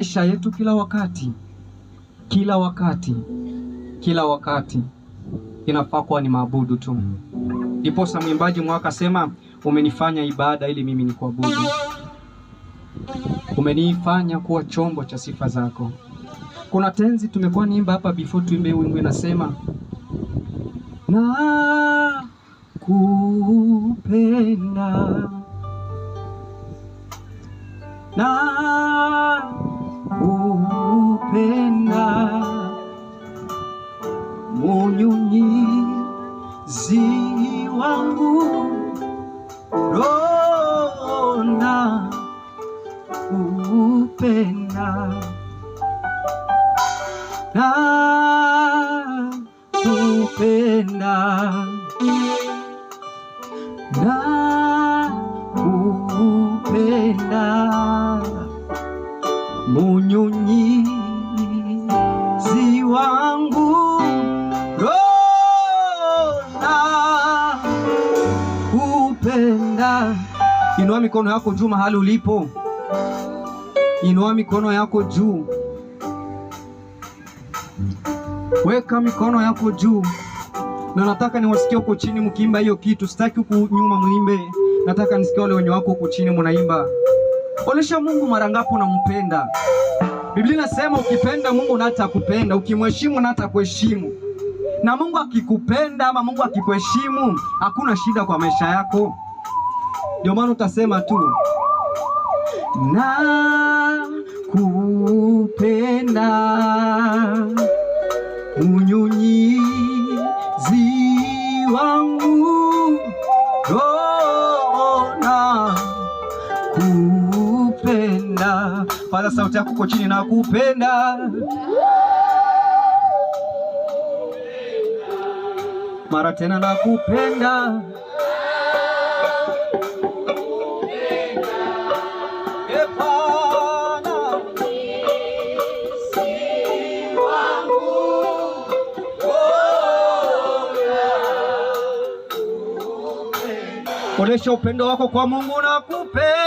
maisha yetu kila wakati, kila wakati, kila wakati inafaa kuwa ni maabudu tu. Ndiposa mwimbaji mwaka sema, umenifanya ibada ili mimi nikuabudu, umenifanya kuwa chombo cha sifa zako. Kuna tenzi tumekuwa niimba hapa before tuimbe wimbo inasema, na kupenda na tena munyunyizi wangu rona kupenda na kupenda na kupenda munyunyizi Bwana, inua mikono yako juu mahali ulipo, inua mikono yako juu, weka mikono yako juu, na nataka niwasikie huko chini mkiimba hiyo kitu. Sitaki huku nyuma mwimbe, nataka nisikie wale wenye wako huko chini munaimba. Olesha Mungu mara ngapi unampenda. Biblia inasema ukipenda Mungu natakupenda atakupenda, ukimheshimu na Na Mungu akikupenda ama Mungu akikuheshimu, hakuna shida kwa maisha yako. Ndio maana utasema tu na kupenda mnyunyizi wangu ona kupenda. pala sauti yako chini na kupenda mara tena, na kupenda Onesha upendo wako kwa Mungu na kupe